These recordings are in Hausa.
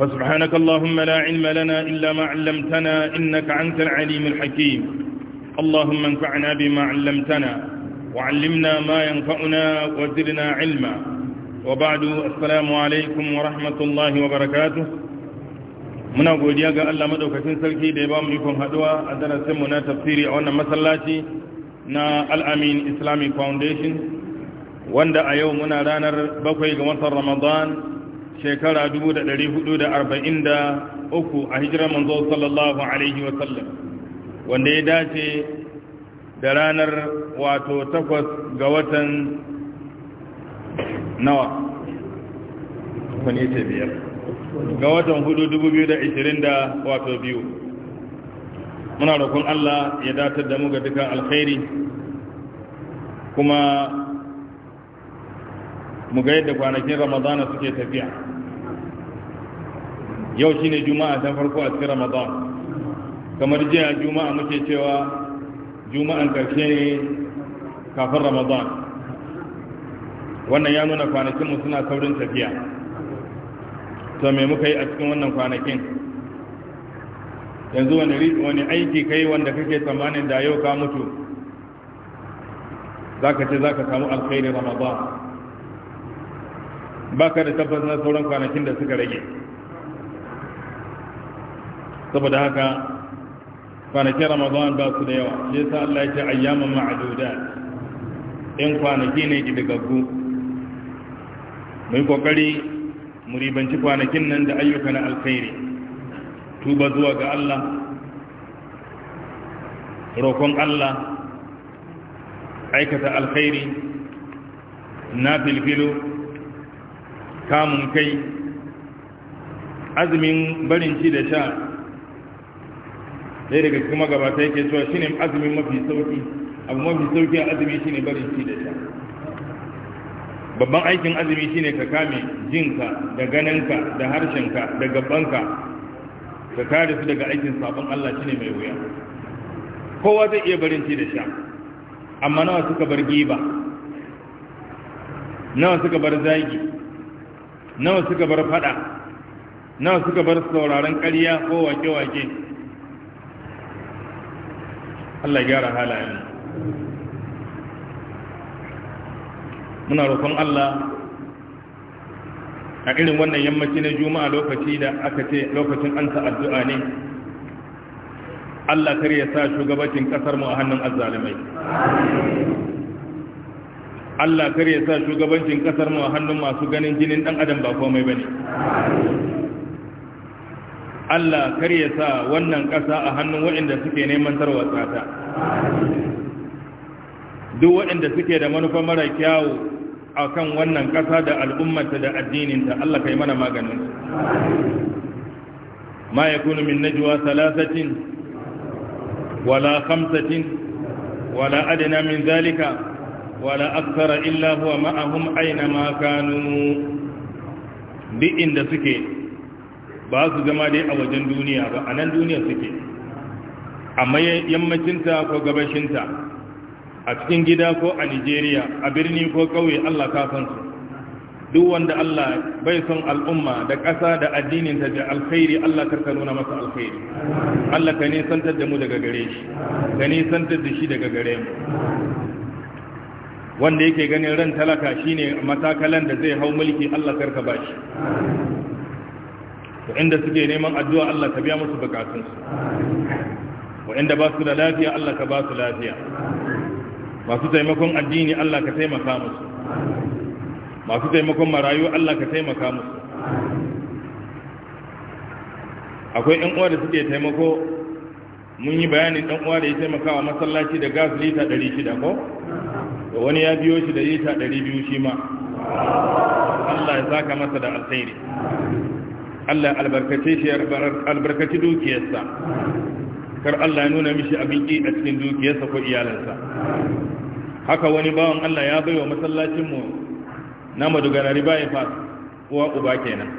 فسبحانك اللهم لا علم لنا إلا ما علمتنا إنك أنت العليم الحكيم اللهم انفعنا بما علمتنا وعلمنا ما ينفعنا وزرنا علما وبعد السلام عليكم ورحمة الله وبركاته muna godiya ga Allah madaukakin sarki da ya ba mu ikon haduwa a darasinmu na tafsiri a wannan masallaci na Al-Amin Islamic Foundation wanda a yau muna ranar bakwai ga watan Ramadan shekara 443 a hijirar manzo sallallahu alaihi wasallam wanda ya dace da ranar wato takwas ga watan nawa wani ce biyar ga watan hudu dubu biyu da ishirin da wato biyu muna roƙon Allah ya datar da mu ga dukkan alkhairi kuma mu ga yadda kwanakin ramadana suke tafiya yau shi ne juma'a ta farko a cikin ramadan kamar jiya juma'a muke cewa juma'an karshe ne kafin ramadan wannan ya nuna kwanakinmu suna saurin tafiya to me muka yi a cikin wannan kwanakin yanzu wani aiki kai wanda kake tsammanin da yau ka mutu za ka ce za ka samu alkhairin ramadan ba ka da tabbas na sauran kwanakin da suka rage saboda haka kwanakin ramadan ba su da yawa shi sa Allah ya ce ayyaman ma'aduda in kwanaki ne gidigaggu mai kokari mu ribanci kwanakin nan da ayyuka na alkhairi tuba zuwa ga Allah roƙon Allah aikata alkhairi na filfilo kamun kai azumin barin ci da sha ɗaya daga cikin magabata yake cewa shine azumin mafi sauki abu mafi sauki a azumi shine barin ci da sha babban aikin azumi shine ka kame jinka da ganinka da harshenka da gabanka ka kare su daga aikin sabon Allah shine mai wuya kowa zai iya barin ci da sha amma nawa suka bar giba nawa suka bar zagi nawa suka bar fada nawa suka bar sauraron ƙarya ko wake-wake Allah gyara halayen muna roƙon Allah a irin wannan yammaci na juma'a lokaci da aka ce lokacin an addu'a ne Allah kar ya sa shugabacin kasar mu a hannun azzalimai Allah kar ya sa shugabancin kasar mu a hannun masu ganin jinin dan adam ba komai bane Allah kar ya sa wannan ƙasa a hannun waɗanda suke neman tarwatsa ta duk waɗanda suke da manufa mara kyawu a kan wannan ƙasa da al'ummata da addininta Allah kai mana maganin ma ya kunu min najwa wala khamsatin wala adana min zalika wala aksara illa huwa ma'ahum aina ma kanu duk inda suke ba su zama dai a wajen duniya ba a nan duniya suke amma yammacinta ko gabashinta a cikin gida ko a nigeria a birni ko ƙauye allah su. duk wanda allah bai son al'umma da ƙasa da addininta da alkhairi allah karka nuna masa alkhairi allah ka nisantar da mu daga gare shi ka nisantar da shi daga gare mu wanda yake ganin ran talaka shine matakalan da zai hau mulki allah karka ba shi wa'inda suke neman addu'a Allah ka biya musu bukatunsu wa'inda ba su da lafiya Allah ka ba su lafiya masu taimakon addini Allah ka taimaka musu masu taimakon marayu Allah ka taimaka musu akwai ɗan uwa da suke taimako mun yi bayanin ɗan uwa da ya taimaka wa masallaci da gas lita 600 ko da wani ya biyo shi da lita 200 shi ma Allah ya saka masa da alkhairi Allah albarkace shi albarkaci dukiyarsa kar Allah ya nuna mishi abin ki a cikin dukiyarsa ko iyalansa haka wani bawan Allah ya baiwa masallacinmu na madugana riba ya fa uwa uba kenan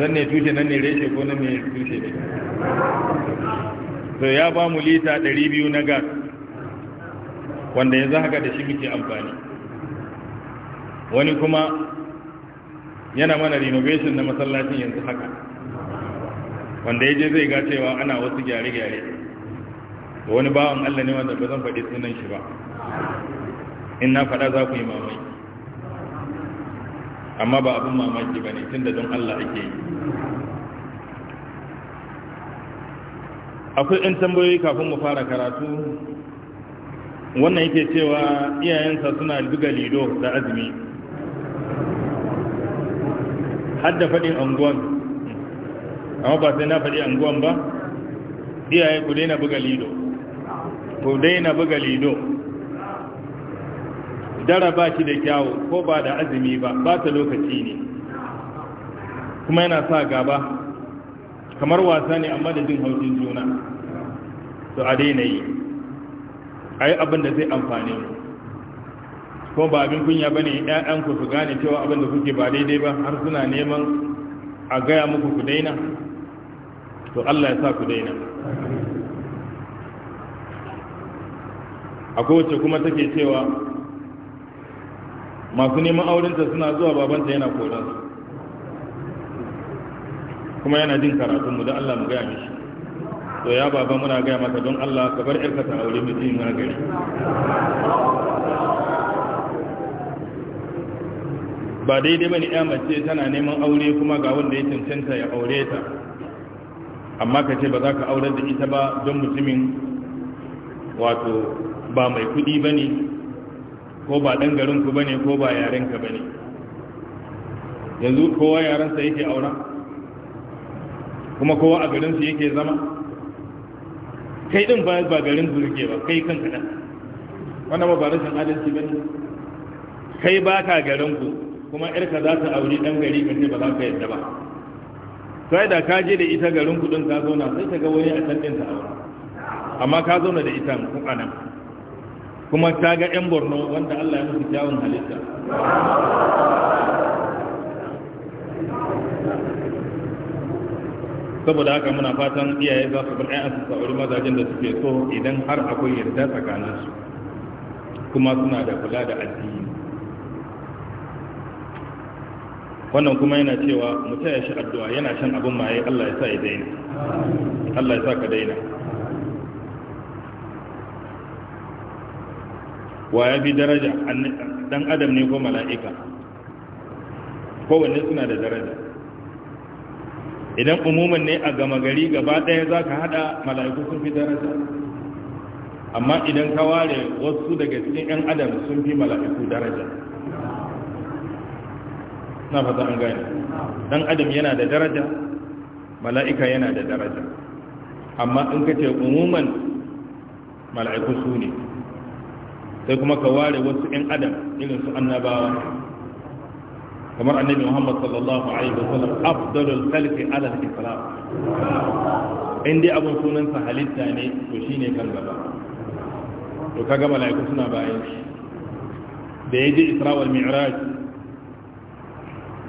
san ne tushe nan ne reshe ko nan ne tushe ne to ya ba mu lita 200 na gas wanda yanzu haka da shi muke amfani wani kuma yana mana renovation na masallacin yanzu haka wanda ya je zai ga cewa ana wasu gyare-gyare da wani bawan Allah ne wanda ba zan faɗi sunan shi ba in na faɗa za ku yi mamaki amma ba abin mamaki ba ne tun da don Allah ake yi akwai 'yan tambayoyi kafin mu fara karatu wannan yake cewa iyayensa suna buga lido da azumi har da faɗin anguwan amma ba sai na faɗi anguwan ba iyaye ku daina buga lido ku daina buga lido dara ba shi da kyawu ko ba da azumi ba ba ta lokaci ne kuma yana sa gaba kamar wasa ne amma da jin haushin juna to a daina yi a yi abin da zai amfani mu ko ba abin kunya ba ne ‘ya'yanku su gane cewa abin da kuke ba daidai ba har suna neman a gaya muku ku daina to Allah ya sa ku daina a kowace kuma take cewa masu neman aurenta suna zuwa babanta yana koransu kuma yana jin mu da Allah mu gaya mishi to ya baba muna gaya maka don Allah ka bar yarka ta aure mutum na gari ba daidai bane ya mace tana neman aure kuma ga wanda ya cancanta ya aure ta amma ka ce ba za ka aure da ita ba don mutumin wato ba mai kudi ba ne ko ba ɗan garinku ba ne ko ba yarenka ba ne yanzu kowa yarensa yake aura kuma kowa a garinsu yake zama kai din ba ba garin zurge ba kai kanka ɗan wannan ba ba rashin adalci ba ne kai ba ka ku. kuma yarka za ta auri ɗan gari ba ba za ka yadda ba sai da ka je da ita garin kudin ka zauna sai ta ga wani a can ta aure amma ka zauna da ita kun anan kuma ta ga yan borno wanda allah ya musu kyawun halitta saboda haka muna fatan iyaye za su bar 'ya'yansu su auri mazajen da suke so idan har akwai yarda tsakaninsu kuma suna da kula da addini wannan kuma yana cewa mutum ya shi addu'a yana shan abin maye Allah ya sa ya daina Allah ya sa ka daina wa ya fi daraja dan adam ne ko mala'ika kowanne suna da daraja idan umuman ne a gama gari gaba ɗaya za ka haɗa mala'iku sun fi daraja amma idan ka ware wasu daga cikin 'yan adam sun fi mala'iku daraja na fata an gane dan adam yana da daraja mala'ika yana da daraja amma in ka ce umuman mala'iku su ne sai kuma ka ware wasu 'yan adam irin su annabawa kamar annabi Muhammad sallallahu alaihi wa sallam afdalul khalqi ala al-islam indai abun sunan sa halitta ne to shine kan gaba to kaga malaiku suna bayan shi da yaji Isra wal Mi'raj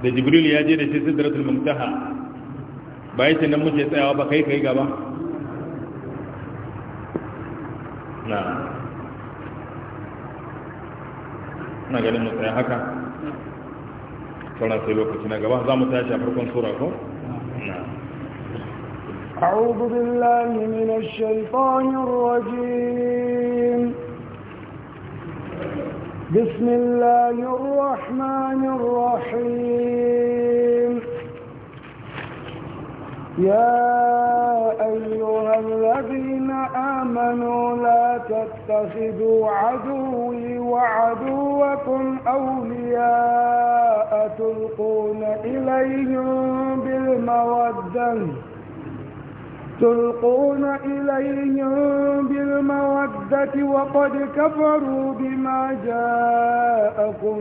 da jibril ya je da shi sidratul muntaha ba ce nan muke tsayawa ba kai kai gaba na na ganin mu tsaya haka sauran sai lokaci na gaba za mu tashi a farkon sura ko أعوذ بالله من الشيطان الرجيم بسم الله الرحمن الرحيم يا أيها الذين آمنوا لا تتخذوا عدوي وعدوكم أولياء تلقون إليهم بالموده تلقون إليهم بالمودة وقد كفروا بما جاءكم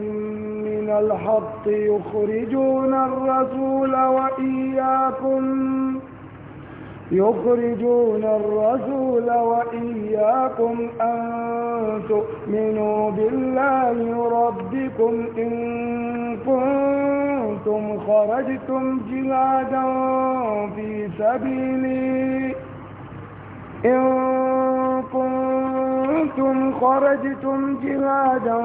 من الحق يخرجون الرسول وإياكم يخرجون الرسول وإياكم أن تؤمنوا بالله ربكم إن كنتم خرجتم جهادا في سبيلي إن كنتم خرجتم جهادا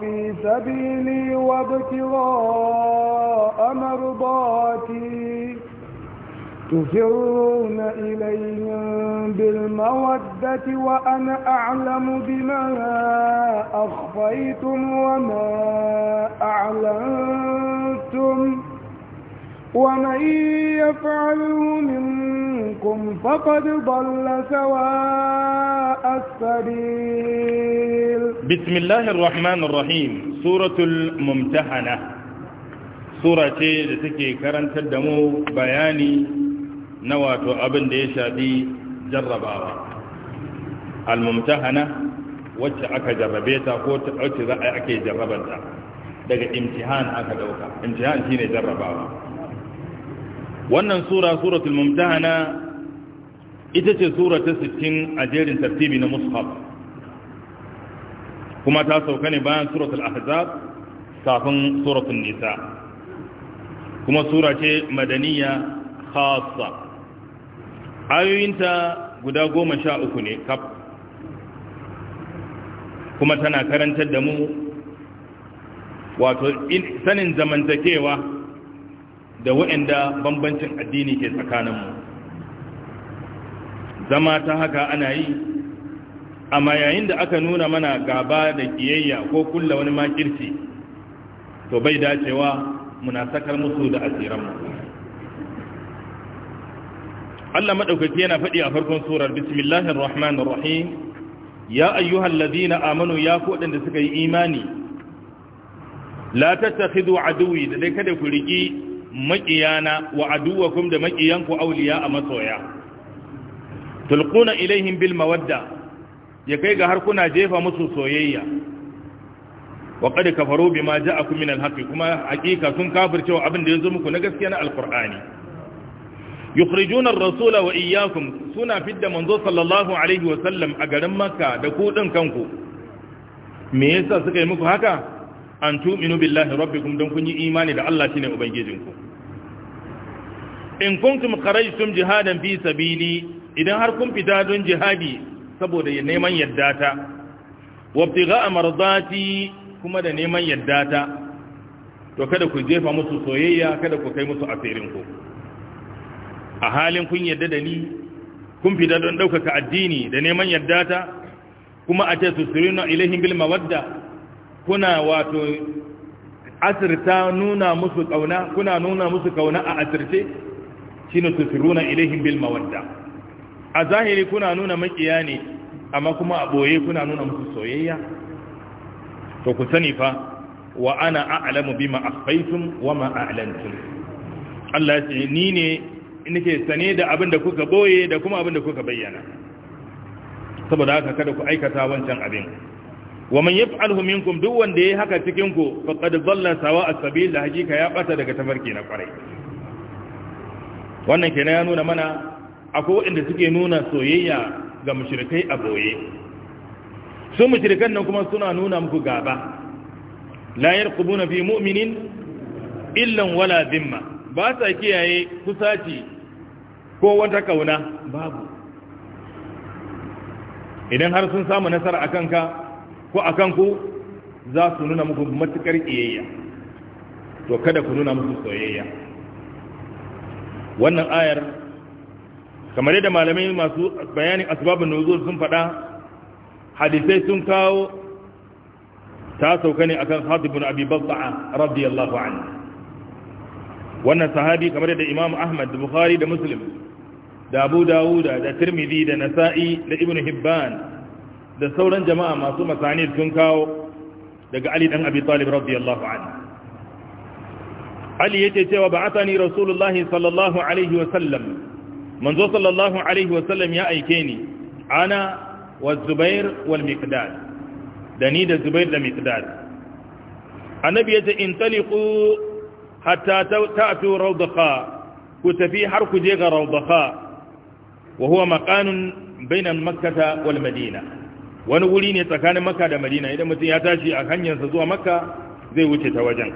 في سبيلي وابتغاء مرضاتي تفرون إليهم بالمودة وأنا أعلم بما أخفيتم وما أعلنتم ومن يفعله منكم فقد ضل سواء السبيل بسم الله الرحمن الرحيم سورة الممتحنة سورة تكي كرنت الدمو بياني na wato abin da ya shafi jarrabawa almumtahana wacce aka jarrabe ta ko ta ɗauki za a ake jarrabanta daga imtihan aka ɗauka imtihan shine jarrabawa wannan sura suratul mumtahana ita ce sura ta 60 a jerin tartibi na mushaf kuma ta sauka ne bayan suratul ahzab kafin suratul nisa kuma sura ce madaniya khassa ayoyinta guda goma sha uku ne kaf kuma tana karantar da mu wato sanin zamantakewa da waɗanda bambancin addini ke tsakaninmu zama ta haka ana yi amma yayin da aka nuna mana gaba da kiyayya ko kulla wani makirci to bai dacewa muna sakar musu da asiranmu Allah madaukaki yana faɗi a farkon surar bismillahir rahmanir rahim ya ayyuhal ladina amanu ya ku suka yi imani la tattakhidhu aduwi da dai kada ku riki maqiyana wa aduwakum da maqiyanku awliya a masoya tulquna ilaihim bil mawadda ya kai ga har kuna jefa musu soyayya wa qad kafaru bima ja'akum min al kuma hakika sun kafircewa abin da yazo muku na gaskiya na alqur'ani yukhrijuna ar-rasula wa iyyakum suna fidda manzo sallallahu alaihi wa sallam a garin makka da kuɗin kanku me yasa suka yi muku haka an tu'minu billahi rabbikum dan kun yi imani da Allah shine ubangijinku in kuntum kharajtum jihadan fi sabili idan har kun fita don jihadi saboda neman yaddata wabtigha mardati kuma da neman yaddata to kada ku jefa musu soyayya kada ku kai musu asirin ku a halin kun yadda da ni kun fita don ɗaukaka addini da neman yadda ta kuma a ce su na ilahin bilma wadda, kuna wato asirta nuna musu kauna kuna nuna musu kauna a asirce suri na ilaihim bilma wadda. a zahiri kuna nuna makiya ne amma kuma a ɓoye kuna nuna musu soyayya to ku sani fa wa ana a'lamu bima akhfaytum wa ma a'lantum Allah ya ce ni ne nake sane da abin da kuka boye da kuma abin da kuka bayyana saboda haka kada ku aikata wancan abin wa man yaf'alhu minkum duk wanda yayi haka cikin ku faqad dhalla sawa'a sabil da hakika ya bata daga tafarki na kwarai wannan kenan ya nuna mana akwai waɗanda suke nuna soyayya ga mushrikai a boye su mushrikan nan kuma suna nuna muku gaba la yarqubuna fi mu'minin illan wala dhimma ba sa kiyaye kusaci ko wata kauna babu idan har sun samu nasara a kanka ko a kanku za su nuna muku matuƙar iyayya, to kada ku nuna musu soyayya wannan ayar kamar yadda malamai masu bayanin asbabun nuzul sun faɗa hadisai sun kawo ta sauka ne akan hadibun abi balta'a radiyallahu anhu wannan sahabi kamar yadda imam ahmad da bukhari da muslim da abu dawuda da tirmidhi da nasa'i da ibn hibban da sauran jama'a masu masanid sun kawo daga ali dan abi talib radiyallahu anhu ali yace cewa ba'athani rasulullahi sallallahu alaihi wa sallam manzo sallallahu alaihi wa sallam ya aike ni ana wa zubair wal miqdad da ni da zubair da miqdad annabi yace in taliqu hatta ta'tu rawdaqa ku tafi har ku je ga rawdaqa wa huwa maqanun bainan makkata wal madina wani wuri ne tsakanin makka da madina idan mutum ya tashi a hanyarsa zuwa makka zai wuce ta wajen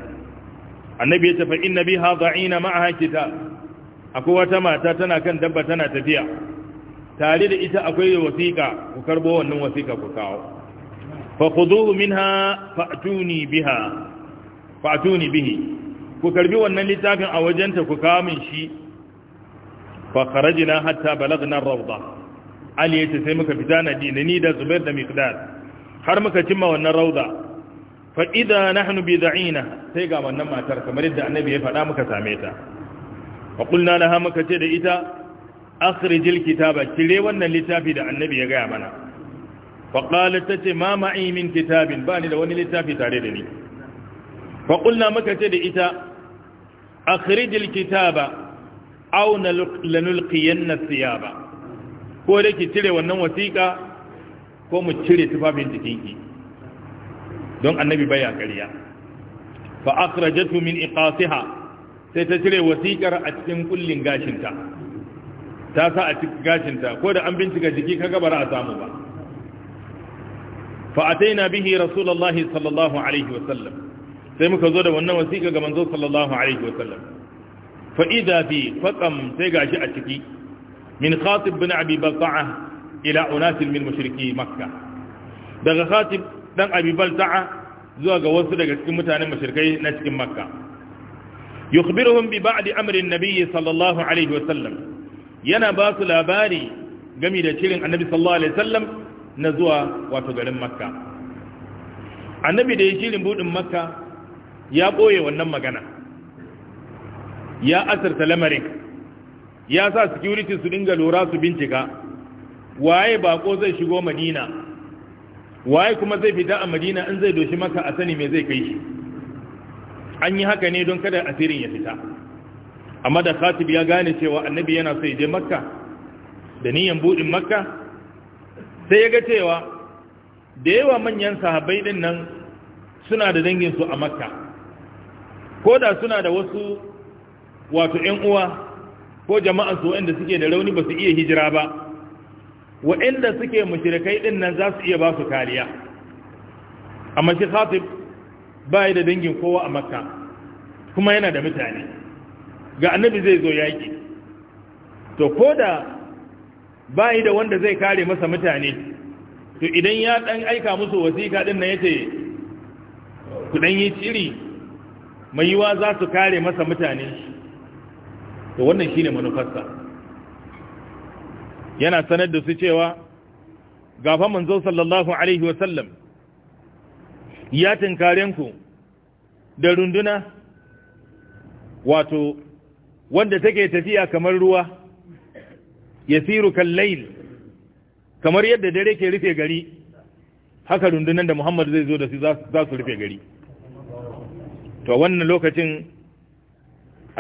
annabi ya tafi in inna biha da'ina ma'aha kitab akwai wata mata tana kan dabba tana tafiya tare da ita akwai wasiƙa ku karbo wannan wasiƙa ku kawo fa khudhu minha fa'tuni biha fa'tuni bihi ku karbi wannan littafin a wajenta ku kawo min shi fa kharajna hatta balagna ar-rawda ali yace sai muka fita na dina ni da zubair da miqdad har muka cimma wannan rauda. Fa'ida na hannu bi da'ina sai ga wannan matar kamar yadda annabi ya faɗa muka same ta fa qulna laha muka ce da ita akhrijil kitaba kire wannan littafi da annabi ya gaya mana fa qalat tace ma ma'i min kitabin ba ni da wani littafi tare da ni fa qulna muka ce da ita akhrijil kitaba na aw na thiyaba ko da ki cire wannan wasiƙa ko mu cire tufafin jikinki don annabi baya ƙarya fa akhrajatu min iqasiha sai ta cire wasiƙar a cikin kullin gashinta ta sa a cikin gashinta ko da an bincika jiki kaga bara a samu ba fa ataina bihi rasulullahi sallallahu alaihi wa wasallam sai muka zo da wannan wasiƙa ga manzo sallallahu alaihi wa wasallam fa'iza fi faƙam sai gashi a ciki min khatib bin abi balta'a ila unasin min mushriki makka daga khatib dan abi balta'a zuwa ga wasu daga cikin mutanen mushrikai na cikin makka yukhbiruhum bi ba'd amri an-nabi sallallahu alaihi wa sallam yana basu labari game da shirin annabi sallallahu alaihi na zuwa wato garin makka annabi da ya shirin budin makka ya boye wannan magana ya asarta lamarin ya sa security su dinga lura su bincika waye bako zai shigo madina waye kuma zai fita a madina in zai doshi maka a sani me zai kai shi an yi haka ne don kada asirin ya fita amma da khatib ya gane cewa annabi yana so ya je makka da niyan budin makka sai ya ga cewa da yawa manyan sahabbai din nan suna da dangin su a makka Koda suna da wasu wato ‘yan uwa ko jama'an su waɗanda suke da rauni ba su iya hijira ba waɗanda suke mashirikai ɗin nan za su iya ba su kariya amma shi khatib ba da dangin kowa a makka kuma yana da mutane ga annabi zai zo yaƙi to ko da ba da wanda zai kare masa mutane to idan ya ɗan aika musu wasiƙa ɗin nan ya ce ku ɗan yi ciri mai yiwa za su kare masa mutane to wannan shine manufarsa yana sanar da su cewa gafa manzo sallallahu alaihi wa sallam ya tinkarenku da runduna wato wanda take tafiya kamar ruwa yasiru kallail kamar yadda dare ke rufe gari haka rundunan da Muhammad zai zo da su za su rufe gari to wannan lokacin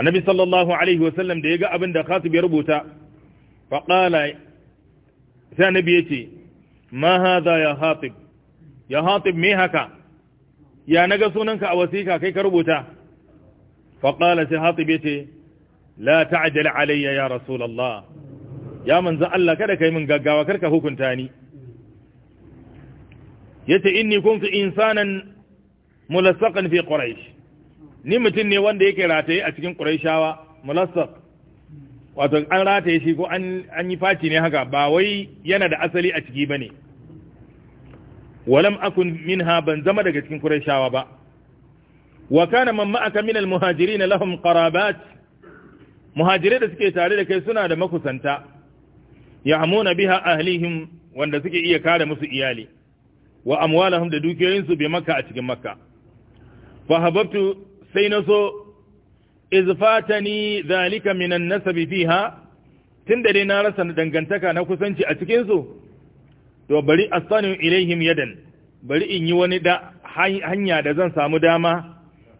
annabi sallallahu alaihi wasallam da ya ga abin da khatib ya rubuta faƙala sai annabi ya ma haza ya khatib ya khatib me haka ya naga sunanka a wasiƙa kai ka rubuta faƙala sai khatib yace ce la ta'jal alayya ya rasulullah ya manzo Allah kada kai min gaggawa karka hukunta ni yace inni kuntu insanan mulassaqan fi quraish ni mutum ne wanda yake rataye a cikin ƙuraishawa mulassar wato an rataye shi ko an yi faci ne haka ba wai yana da asali a ciki ba ne walam akun minha ban zama daga cikin ƙuraishawa ba wa kana man ma'aka min na lahum qarabat muhajirai da suke tare da kai suna da makusanta Ya ya'muna biha ahlihim wanda suke iya kare musu iyali wa amwalahum da dukiyoyinsu bi makka a cikin makka fa habbtu sai na so izfatani zalika minan nasabi fiha tun da dai na rasa dangantaka na kusanci a cikin su to bari astanu ilaihim yadan bari in yi wani da hanya da zan samu dama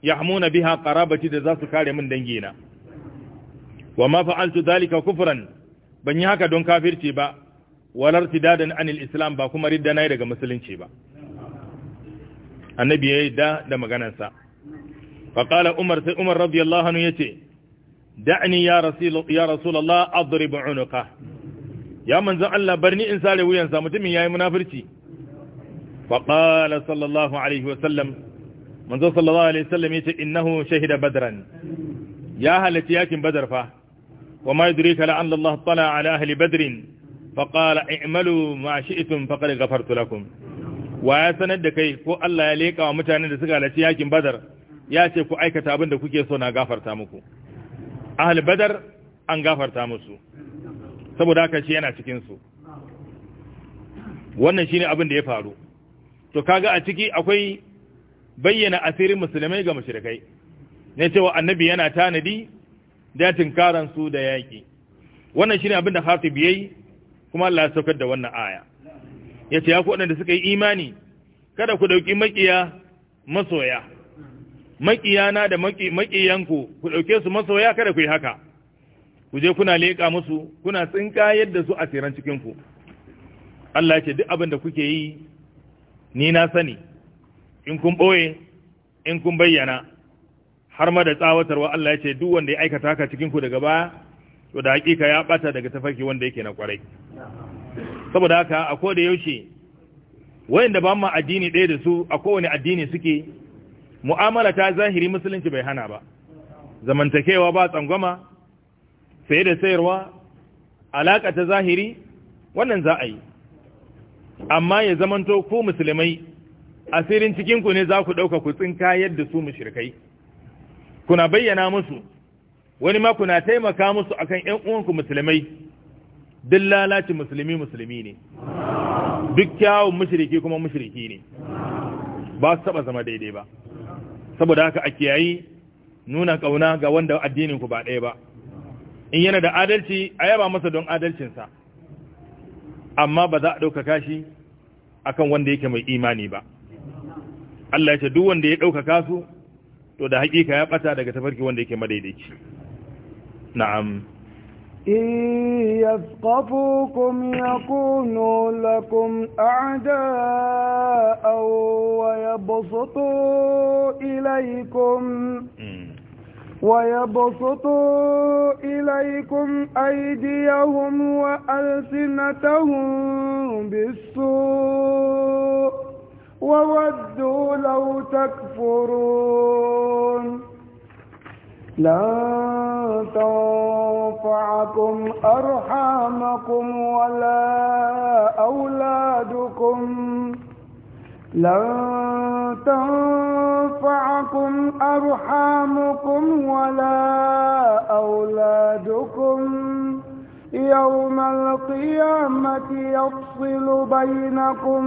ya hamuna biha qarabati da za su kare min dangina wa ma fa'altu zalika kufran ban yi haka don kafirci ba walar tidadan anil islam ba kuma ridda na daga musulunci ba annabi ya da da maganarsa faƙala umar sai umar radiyallahu anhu ya ce da'ani ya rasulallah adrib unuka ya manzo Allah bar ni in sare wuyansa mutumin yayi munafirci fa qala sallallahu alaihi wasallam manzon sallallahu alaihi wasallam ce innahu shahida badran ya halati yakin badar fa wa ma yudrika la la'an Allah tala ala ahli badr fa qala i'malu ma shi'tum faqad ghafartu lakum wa ya sanar da kai ko Allah ya leka wa mutanen da suka halati yakin badar ya ce ku aikata abin da kuke so na gafarta muku ahal badar an gafarta musu saboda haka shi yana cikinsu wannan shine abin da ya faru to kaga a ciki akwai bayyana asirin musulmai ga mushrikai ne cewa annabi yana tanadi da tinkaran su da yaki wannan shine abin da hafi yayi kuma Allah ya saukar da wannan aya yace ya ku wadanda suka yi imani kada ku ɗauki makiya masoya maƙiyana da maƙiyanku ku ɗauke su masoya kada ku yi haka ku je kuna leƙa musu kuna tsinka yadda su a asiran cikinku Allah ce duk abin da kuke yi ni na sani in kun ɓoye in kun bayyana har ma da tsawatarwa Allah ce duk wanda ya aikata haka cikinku daga baya to da hakika ya ɓata daga tafarki wanda yake na kwarai saboda haka a ko da yaushe wayanda ba mu addini ɗaya da su a kowane addini suke mu'amala ta zahiri musulunci bai hana ba zamantakewa ba tsangwama sai da sayarwa alaka ta zahiri wannan za a yi amma ya zamanto ku musulmai asirin cikinku ne za ku ɗauka ku tsinka yadda su mushrikai kuna bayyana musu wani ma kuna taimaka musu akan ƴan uwanku musulmai duk lalaci musulmi musulmi ne duk kyawun mushriki kuma mushriki ne ba su taba zama daidai ba saboda haka a kiyayi nuna kauna ga wanda addinin ku ba ɗaya ba in yana da adalci a yaba masa don adalcinsa amma ba za a ɗaukaka shi kan wanda yake mai imani ba Allah ya ce duk wanda ya ɗaukaka su to da haƙiƙa ya ɓata daga tafarki wanda yake madaidaici na'am إن يثقفوكم يكونوا لكم أعداء ويبسطوا إليكم ويبسطوا إليكم أيديهم وألسنتهم بالسوء وودوا لو تكفرون لن تنفعكم أرحامكم ولا أولادكم لن تنفعكم أرحامكم ولا أولادكم يوم القيامة يفصل بينكم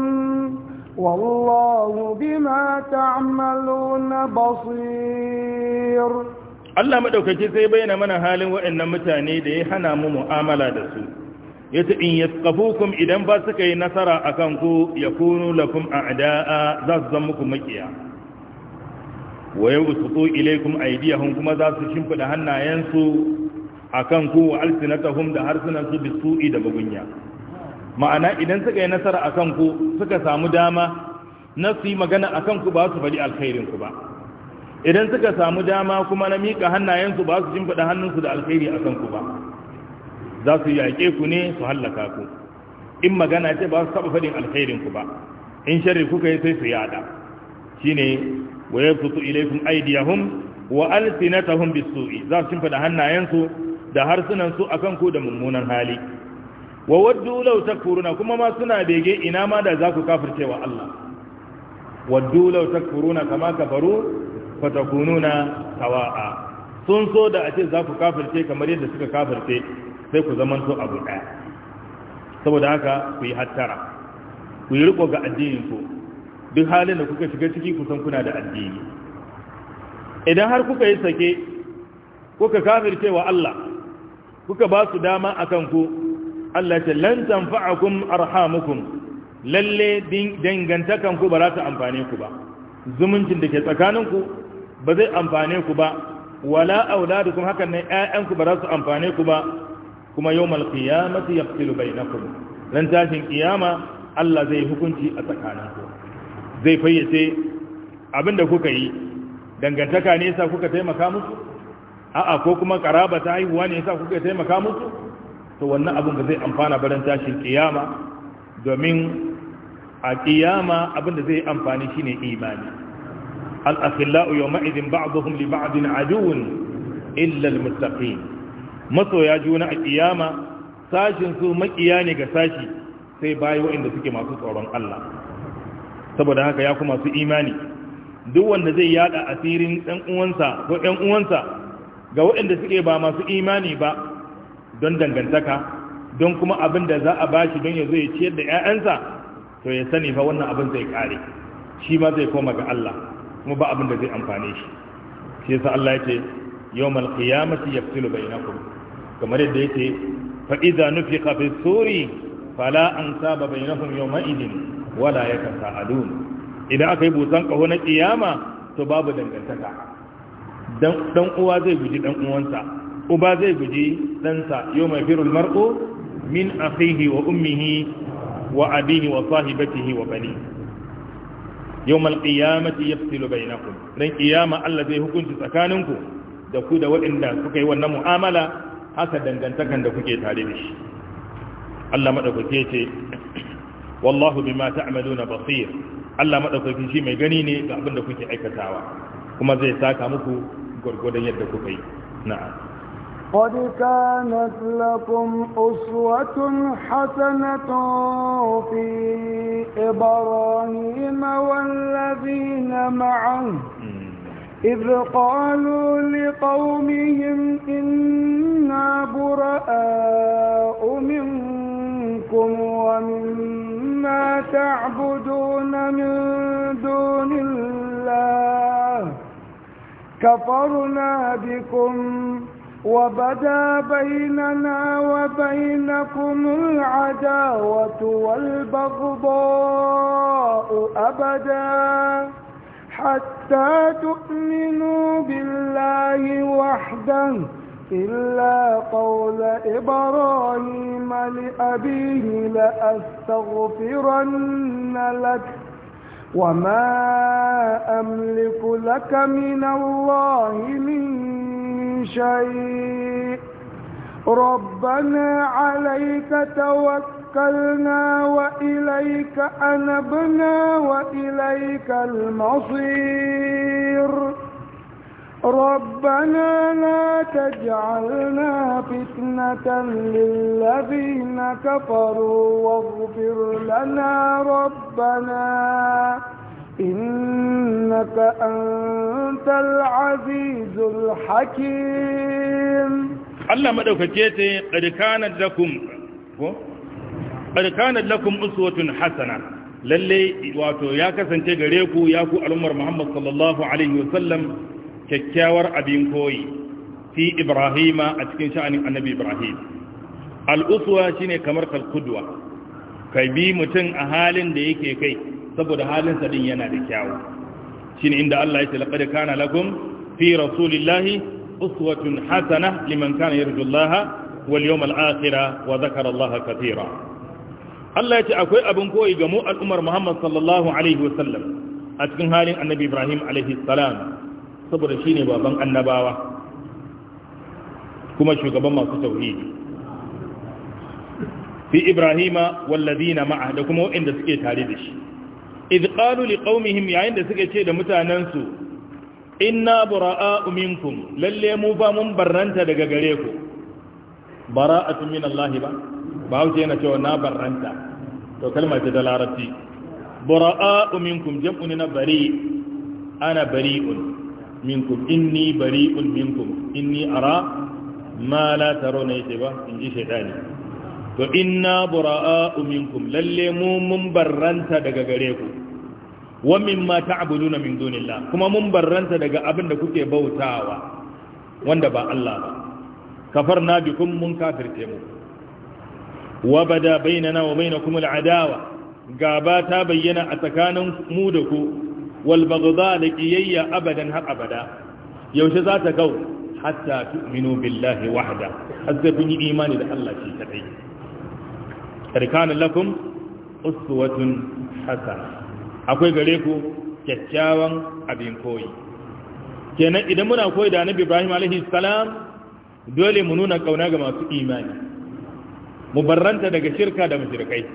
والله بما تعملون بصير Allah madaukaki sai bayyana mana halin waɗannan mutane da ya hana mu mu'amala da su yace in yaskafukum idan ba suka yi nasara akan ku yakunu lakum a'da'a za su zan muku makiya wa yabsutu ilaykum aydiyahum kuma za su shimfida hannayensu akan ku wa alsinatahum da harsunan su bisu'i da bugunya ma'ana idan suka yi nasara akan ku suka samu dama na su yi magana akan ku ba su faɗi alkhairin ku ba idan suka samu dama kuma na miƙa hannayensu ba su jimfiɗa hannunsu da alkhairi a kanku ba za su yaƙe ku ne su hallaka ku in magana ce ba su taɓa faɗin alkhairinku ba in sharri kuka yi sai su yaɗa shi ne wa ya fito ilaikun aidiyahun wa alsinatahun bisu'i za su jimfiɗa hannayensu da harsunansu a kanku da mummunan hali wa waddu law takfuruna kuma ma suna bege ina ma da za ku kafircewa Allah waddu law takfuruna kama kafaru fatakununa tawa'a sun so da a ce za ku kafirce kamar yadda suka kafirce sai ku zaman to abu ɗaya saboda haka ku yi hattara ku yi riko ga addininku duk halin da kuka shiga ciki kusan kuna da addini idan har kuka yi sake kuka kafirce wa Allah kuka ba su dama a kanku Allah ce lan tanfa'akum arhamukum lalle dangantakanku ba za ta amfane ku ba zumuncin da ke tsakaninku ba zai amfane ku ba wala auladukum hakan ne ƴaƴanku ba za su amfane ku ba kuma yawmal qiyamati yaqtilu bainakum lan tashin qiyama Allah zai hukunci a tsakaninku zai fayyace abinda kuka yi dangantaka ne yasa kuka taimaka musu a'a ko kuma karaba ta haihuwa ne yasa kuka taimaka musu to wannan abin ba zai amfana ba lan tashin qiyama domin a kiyama abinda zai amfani shine imani al'afila'u yau ma'izin ba'aduhun liba'adun aduwun illal mutafi masoya juna a ƙiyama sashin su maƙiya ne ga sashi sai bayi wa'inda suke masu tsoron Allah saboda haka ya kuma su imani duk wanda zai yada asirin ɗan uwansa ko ga wa'inda suke ba masu imani ba don dangantaka don kuma abin da za a bashi don ya zo ya ciyar da 'ya'yansa to ya sani fa wannan abin zai kare shi ma zai koma ga Allah kuma ba abin da zai amfane shi shi yasa Allah yake yawmal qiyamati yafsilu bainakum kamar yadda yake fa idza nufiqa fi suri fala ansaba bainahum yawma idin wala yatasaalun idan aka yi busan kaho na kiyama to babu dangantaka dan uwa zai guji dan uwansa uba zai guji ɗansa yau mai firul marko min akhihi wa ummihi wa abihi wa sahibatihi wa bani yawmal qiyamati yafsilu bainakum ran qiyama Allah zai hukunci tsakaninku da ku da waɗanda suka yi wannan mu'amala haka dangantakan da kuke tare da shi Allah madaukake ce wallahu bima ta'maluna basir Allah madaukake shi mai gani ne ga abin da kuke aikatawa kuma zai saka muku gurgurdan yadda kuka yi na'am قد كانت لكم أسوة حسنة في إبراهيم والذين معه إذ قالوا لقومهم إنا براء منكم ومما تعبدون من دون الله كفرنا بكم وبدا بيننا وبينكم العداوة والبغضاء أبدا حتى تؤمنوا بالله وحده إلا قول إبراهيم لأبيه لأستغفرن لك وما أملك لك من الله من شيء ربنا عليك توكلنا وإليك أنبنا وإليك المصير ربنا لا تجعلنا فتنة للذين كفروا واغفر لنا ربنا إنك أنت العزيز الحكيم الله مدوكتي قد كانت لكم قد كانت لكم أسوة حسنة lalle wato ya kasance gare ku ya ku al'ummar Muhammad sallallahu alaihi wasallam kyakkyawar abin koyi fi Ibrahima a cikin sha'anin Annabi Ibrahim al'uswa shine kamar kalkudwa Ka bi mutum a halin da yake kai saboda halin sa din yana da kyawu shine inda Allah ya ce laqad kana lakum fi rasulillahi uswatun hasana liman kana yarju Allah wal yawmal akhir wa dhakara Allah katira Allah ya ce akwai abin koyi ga mu al'ummar Muhammad sallallahu alaihi wasallam a cikin halin Annabi Ibrahim alaihi salam saboda shine baban annabawa kuma shugaban masu tauhidi fi ibrahima wallazina ma'a da kuma waɗanda suke tare da shi izqalu liqaumihim yayin da suke ce da mutanansu inna bura'a'u minkum lalle mu ba mun barranta daga gare ku bara'atu min Allah ba ba wuce yana cewa na barranta to kalma ce da larabci bura'a'u minkum jam'un na bari ana bari'un minkum inni bari'un minkum inni ara ma la tarawna yace ba in ji shaytani to inna bura'a'u minkum lalle mu mun barranta daga gare ku wa mimma ta'buduna min dunillah kuma mun barranta daga abin da kuke bautawa wanda ba Allah ba kafarna bikum mun kafirce mu wa bada bainana wa bainakum al'adawa gaba ta bayyana a tsakanin mu da ku wal baghdha da qiyayya abadan har abada yaushe za ta kau hatta tu'minu billahi wahda har kun yi imani da Allah shi kadai karkanin lakum uswatun hasana akwai gare ku kyakkyawan abin koyi kenan idan muna koyi da annabi Ibrahim alaihi salam dole mu nuna kauna ga masu imani mu barranta daga shirka da mushrikai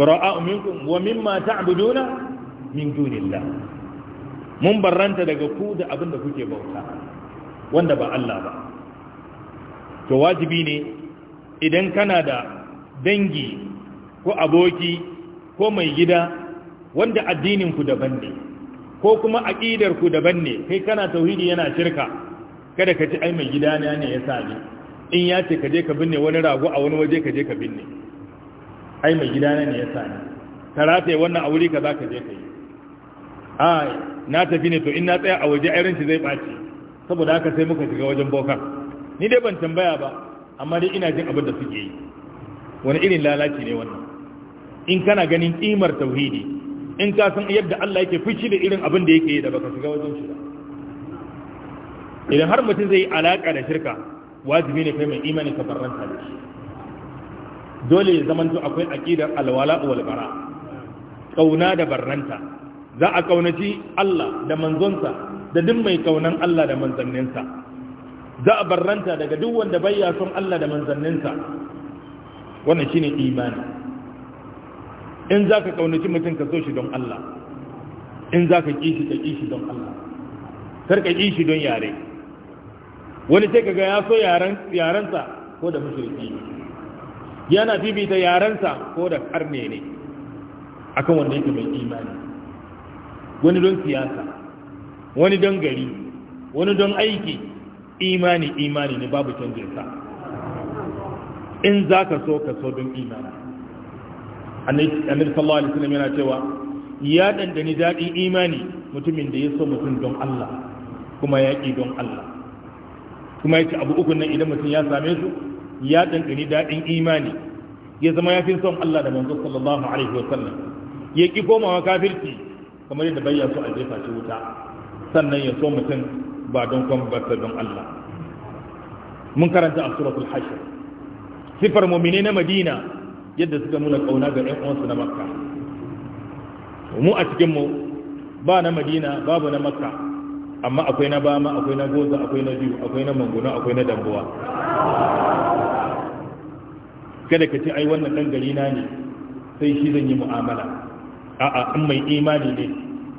bara'a minkum wa mimma ta'buduna min dunillah mun barranta daga ku da abin da kuke bauta wanda ba Allah ba to wajibi ne idan kana da dangi ko aboki ko mai gida wanda addinin ku daban ne ko kuma aqidar ku daban ne kai kana tauhidi yana shirka kada ka ci ai mai gidana ne ya sa ni in ya ce ka je ka binne wani rago a wani waje ka je ka binne ai mai gidana ne ya sa ni ka wannan a wuri ka za ka je ka yi a na tafi ne to in na tsaya a waje irin shi zai ɓaci saboda haka sai muka shiga wajen bokan ni dai ban tambaya ba amma dai ina jin abin da suke yi wani irin lalaci ne wannan in kana ganin kimar tauhidi in ka san yadda Allah yake fushi da irin abin da yake yi da baka shiga wajen shi idan har mutum zai yi alaka da shirka wajibi ne kai mai imani ka da shi dole ya to akwai aqidar alwala wal bara kauna da barranta za a kaunaci Allah da manzonsa da duk mai kaunan Allah da manzanninsa za a barranta daga duk wanda bai ya son Allah da manzanninsa wannan shine imani in za ka kaunaci mutum ka so shi don Allah in za ka kishi ka kishi don Allah kar ka kishi don yare wani sai kaga ya so yarensa ko da mushriki yana fifita yarensa ko da karne ne akan wanda yake mai imani wani don siyasa wani don gari wani don aiki imani imani ne babu canjinsa in za ka so ka so don imani annabi sallallahu alaihi wasallam yana cewa ya dandani daɗin imani mutumin da ya so mutum don Allah kuma ya ƙi don Allah kuma ya ce abu uku nan idan mutum ya same su ya dandani daɗin imani ya zama ya fi son Allah da manzo sallallahu alaihi wasallam ya ƙi komawa kafirci kamar yadda bayya so a jefa shi wuta sannan ya so mutum ba don kwan ba don Allah mun karanta a suratul hashr sifar mu'mini na Madina yadda suka nuna kauna ga ƴan uwansu na makka mu a cikin mu ba na madina babu na makka amma akwai na bama akwai na goza akwai na biyu akwai na manguna akwai na dambuwa kada ka ce ai wannan ɗan gari na ne sai shi zan yi mu'amala a'a in mai imani ne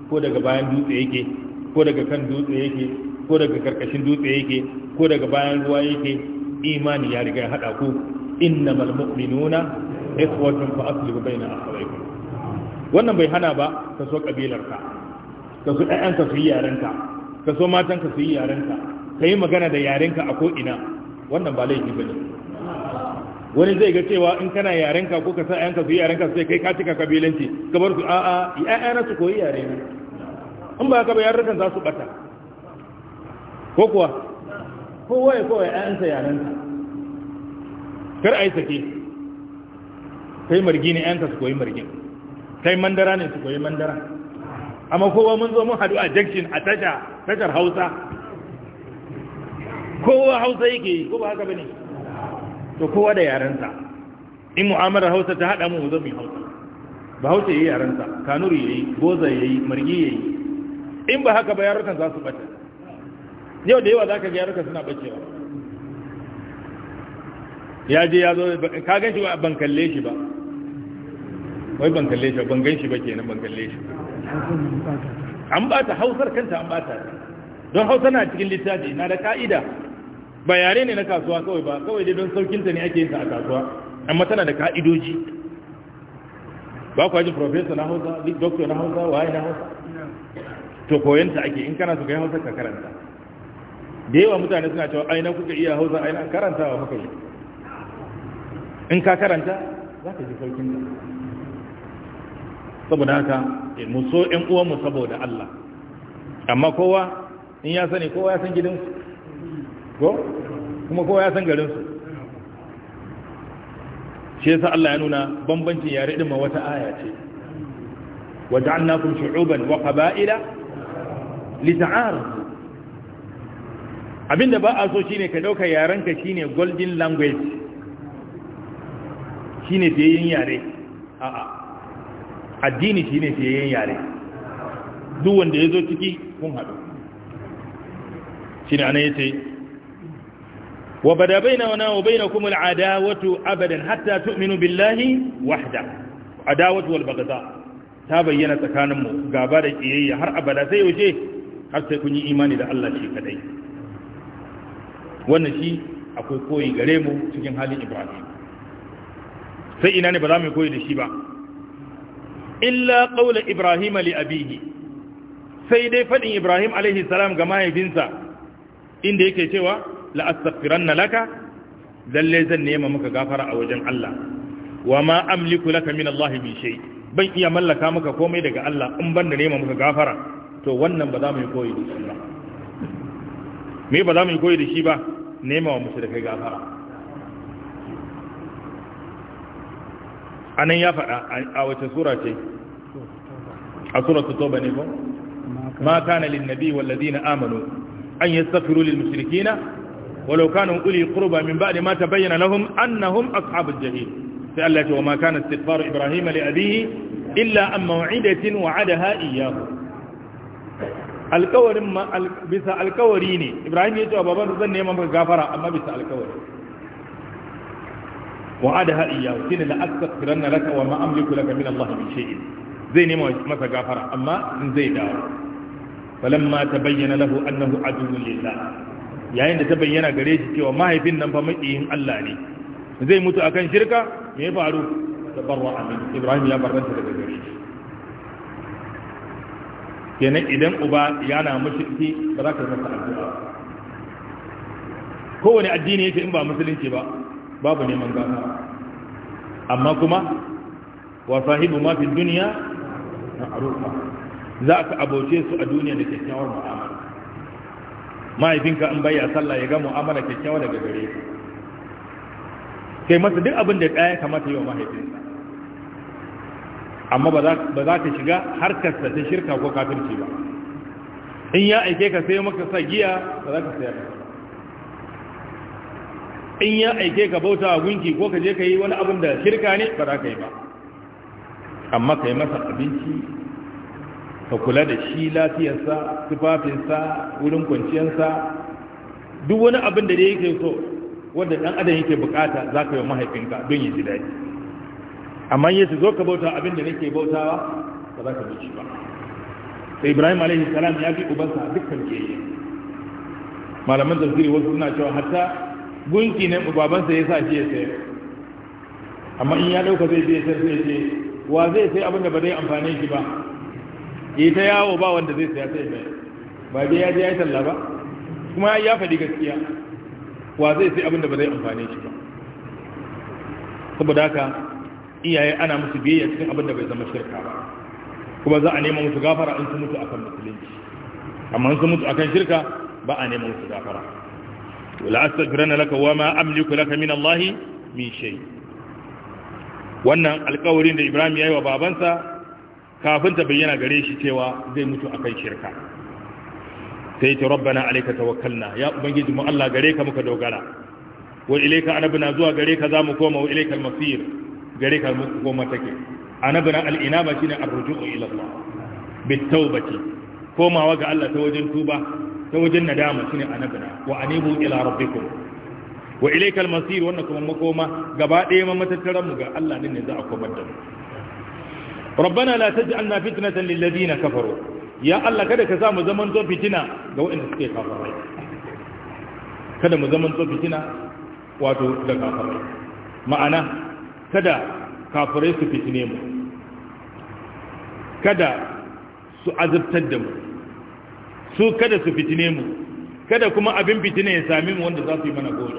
ko daga bayan dutse yake ko daga kan dutse yake ko daga karkashin dutse yake ko daga bayan ruwa yake imani ya riga ya hada ku innamal mu'minuna ikhwatun fa aslihu baina akhawaykum wannan bai hana ba ka so kabilar ka so ka su yi yarenka ka so matanka su yi yarenka ka yi magana da yarenka a ko ina wannan ba laifi bane wani zai ga cewa in kana yarenka ko ka sa ka su yi yarenka sai kai ka cika kabilanci ka bar su a'a na su koyi yare ne in ba ka ba yarenka za su bata ko kuwa kowa ya kowa ƴaƴansa yarenka kar a yi sake kai margi ne yanka su koyi margin kai mandara ne su koyi mandara amma kowa mun zo mun haɗu a jakshin a tasha tashar hausa kowa hausa yake yi ko ba haka bane to kowa da yarensa in mu'amalar hausa ta haɗa mu zo mu hausa ba hausa yayi yarensa kanuri yayi goza yayi margi yayi in ba haka ba yarukan za su bata yau da yawa zaka ga yarukan suna bacewa ya je ya zo ka gan shi ba ban kalle shi ba wai ban kalle shi ban gan shi ba kenan ban kalle shi an bata hausar kanta an bata don hausa na cikin littafi na da ka'ida ba yare ne na kasuwa kawai ba kawai dai don saukinta ne ake yin ta a kasuwa amma tana da ka'idoji ba ku ji professor na hausa big doctor na hausa waye na hausa to koyanta ake in kana su kai hausa ka karanta da yawa mutane suna cewa aina kuka iya hausa aina karantawa muka yi in ka karanta za ka ji saukin da saboda haka eh, muso so ƴan uwanmu saboda Allah amma kowa in ya sani kowa ya san gidansu ko kuma kowa ya san garinsu shi yasa Allah ya nuna bambancin yare din ma wata aya ce waja'alnakum shu'uban wa qaba'ila lita'arafu abinda ba a so shine ka dauka yarenka shine golden language shine fiyayyen yare a'a addini shine fiyayyen yare duk wanda ya zo ciki kun haɗu shine ana yace wa bada bainana wa bainakum al'adawatu abadan hatta tu'minu billahi wahda adawatu wal baghdha ta bayyana tsakanin mu gaba da kiyayya har abada sai yaushe har sai kun yi imani da Allah shi kadai wannan shi akwai koyi gare mu cikin halin Ibrahim sai ina ne ba za mu koyi da shi ba illa qaula ibrahim li abihi sai dai fadin ibrahim alaihi salam ga mahaifinsa inda yake cewa la astaghfiranna laka lalle zan nema maka gafara a wajen Allah wa ma amliku laka min Allah min shay ban iya mallaka maka komai daga Allah in ban da nema maka gafara to wannan ba za mu koyi da shi ba me ba za mu koyi da shi ba nema wa mushrikai gafara anan ya faɗa a wace sura ce a suratu toba ne ko ma kana lin nabi wal ladina amanu an yastaghfiru lil mushrikina walau kanu uli qurba min ba'di ma ta tabayyana lahum annahum ashabul jahil sai Allah ya ce wa ma kana istighfaru ibrahima li abihi illa an maw'idatin wa'adaha iyyahu ma bisa alkawari ne ibrahim ya ce wa baban zan neman maka gafara amma bisa alkawari wa'adaha iyyahu shine na astaghfiranna laka wa ma amliku laka min Allah min shay'in zai nema masa gafara amma zai dawo falamma tabayyana lahu annahu aduwwun lillah yayin da ta bayyana gare cewa mahaifin nan fa maƙiyin Allah ne zai mutu akan shirka me faru da Ibrahim ya daga kenan idan uba yana mushriki ba za ka masa addu'a kowane addini yake in ba musulunci ba babu neman gafara amma kuma wa sahibu ma fi duniya ma'rufa za ka abauce su a duniya da kyakkyawar mu'amala mahaifinka in bayyana sallah ya ga mu'amala kyakkyawa daga gare ka kai masa duk abin da ya kamata yi wa mahaifinsa amma ba za ka shiga harkarsa ta shirka ko kafirci ba in ya aike ka sai maka sa giya ba za ka sayar ba in ya aike ka bauta a gunki ko ka je ka yi wani abin da shirka ne ba za ka yi ba amma ka yi masa abinci ka kula da shi lafiyarsa tufafinsa wurin kwanciyarsa duk wani abin da yake so wanda dan adam yake bukata za ka yi mahaifinka don ya ji daɗi amma su zo ka bauta abin da nake bautawa ba za ka buci ba sai ibrahim alaihi salam ya fi ubansa dukkan ke yi malaman tafsiri wasu suna cewa hatta gunki ne babansa ya sa shi ya sayar amma in ya dauka zai je sayar sai ce wa zai sai abin da ba zai amfane shi ba yi ta yawo ba wanda zai saya sai mai ba dai ya je ya talla ba kuma ya faɗi gaskiya wa zai sai abin da ba zai amfane shi ba saboda haka iyaye ana musu biyayya cikin abin da bai zama shirka ba kuma za a nema musu gafara in sun mutu akan musulunci amma in sun mutu akan shirka ba a nema musu gafara la astaghfiranna laka wa ma amliku laka min Allah min shay wannan alƙawarin da Ibrahim ya yi wa babansa kafin ta bayyana gare shi cewa zai mutu akan shirka sai ta rabbana alayka tawakkalna ya ubangiji mu Allah gare ka muka dogara wa ilayka anabna zuwa gare ka zamu koma wa ilaykal masir gare ka muka koma take anabna al-inaba shine ar-ruju'u ila Allah bit tawbati komawa ga Allah ta wajen tuba ta wajen nadama su ne a nagana. wa anibu ila rabbikum wa ilayka al-masir wannan kuma makoma gaba ɗaya ma matattaran mu ga Allah ne za a komar da mu rabbana la taj'alna fitnatan lil ladina kafaru ya Allah kada ka sa mu zaman to fitina ga waɗanda suke kafarai kada mu zaman to fitina wato da kafarai ma'ana kada kafirai su fitine mu kada su azabtar da mu su kada su fitine mu kada kuma abin fitina ya sami mu wanda za su yi mana gori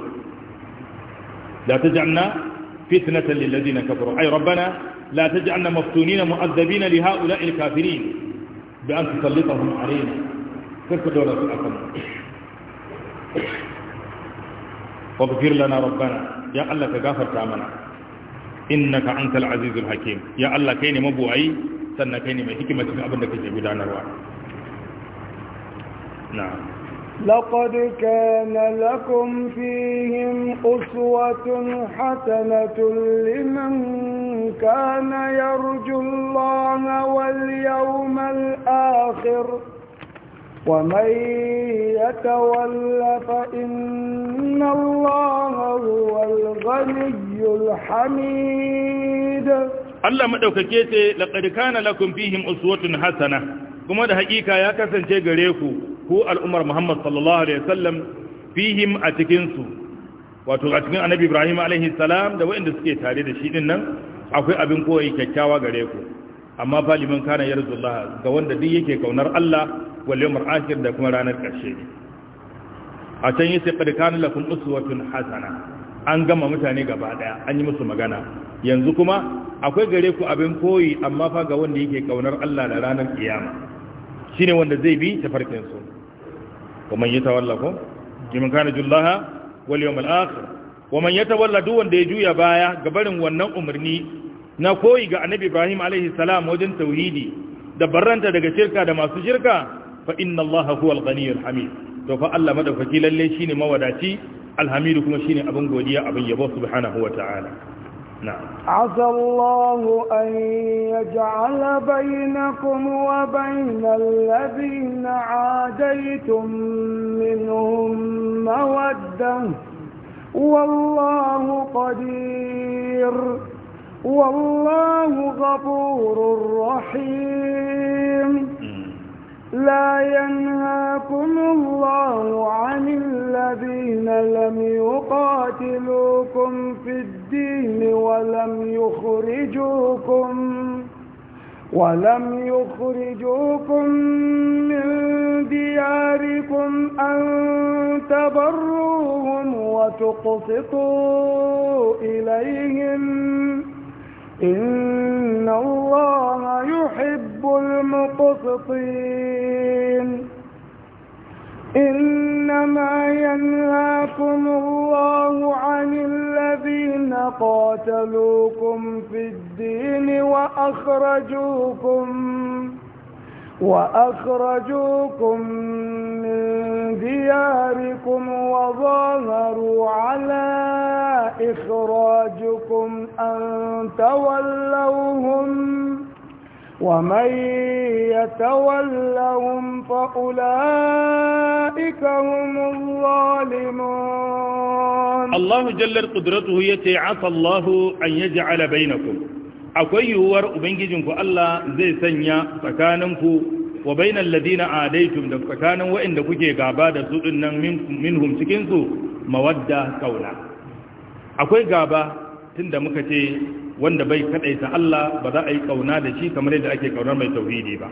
la taj'alna fitnatan lil ladina kafaru ay rabbana la taj'alna maftunina mu'azzabina li ha'ula'i al kafirin bi an tusallitahum alayna kaka dora su akan waghfir lana rabbana ya allah ka gafarta mana innaka antal azizul hakim ya allah kai ne mabuwayi sannan kai ne mai hikimar cikin abin da kake gudanarwa نعم لقد كان لكم فيهم أسوة حسنة لمن كان يرجو الله واليوم الآخر ومن يتول فإن الله هو الغني الحميد Allah madaukake ce laqad kana lakum fihim uswatun hasana kuma da hakika ya kasance gare ku ku al'ummar Muhammad sallallahu alaihi wasallam fihim a cikin su wato a cikin Annabi Ibrahim alaihi salam da waɗanda suke tare da shi din nan akwai abin koyi kyakkyawa gare ku amma fa liman kana yarzullaha ga wanda duk yake kaunar Allah wal yawmul akhir da kuma ranar karshe a can yace qad kana lakum uswatun hasana an gama mutane gaba daya an yi musu magana yanzu kuma akwai gare ku abin koyi amma fa ga wanda yake kaunar Allah da ranar kiyama shine wanda zai bi tafarkin su ومن يتولى كو liman kana jullaha wal yawmal akhir wa man yatawalla duk wanda ya juya baya ga barin wannan umarni na koyi ga annabi Ibrahim alaihi wajen tauhidi da barranta daga shirka da masu shirka fa inna Allaha huwal ghaniyyul hamid to fa Allah madaukaki lalle shine mawadaci alhamidu kuma shine abin godiya abin yabo subhanahu wa ta'ala نعم عسى الله أن يجعل بينكم وبين الذين عاديتم منهم مودة والله قدير والله غفور رحيم لا ينهاكم الله عن الذين لم يقاتلوكم في الدين ولم يخرجوكم ولم يخرجوكم من دياركم أن تبروهم وتقسطوا إليهم إن الله يحب المقسطين إنما ينهاكم الله عن الذين قاتلوكم في الدين وأخرجوكم من وأخرجوكم من دياركم وظاهروا على إخراجكم أن تولوهم ومن يتولهم فأولئك هم الظالمون الله جل قدرته يتي عسى الله أن يجعل بينكم akwai yiwuwar ubangijinku Allah zai sanya tsakaninku wa bainal ladina adaitum da tsakanin waɗanda kuke gaba da su dinnan minhum cikin su mawadda kauna akwai gaba tunda muka ce wanda bai kadaita Allah ba za a yi kauna da shi kamar yadda ake kaunar mai tauhidi ba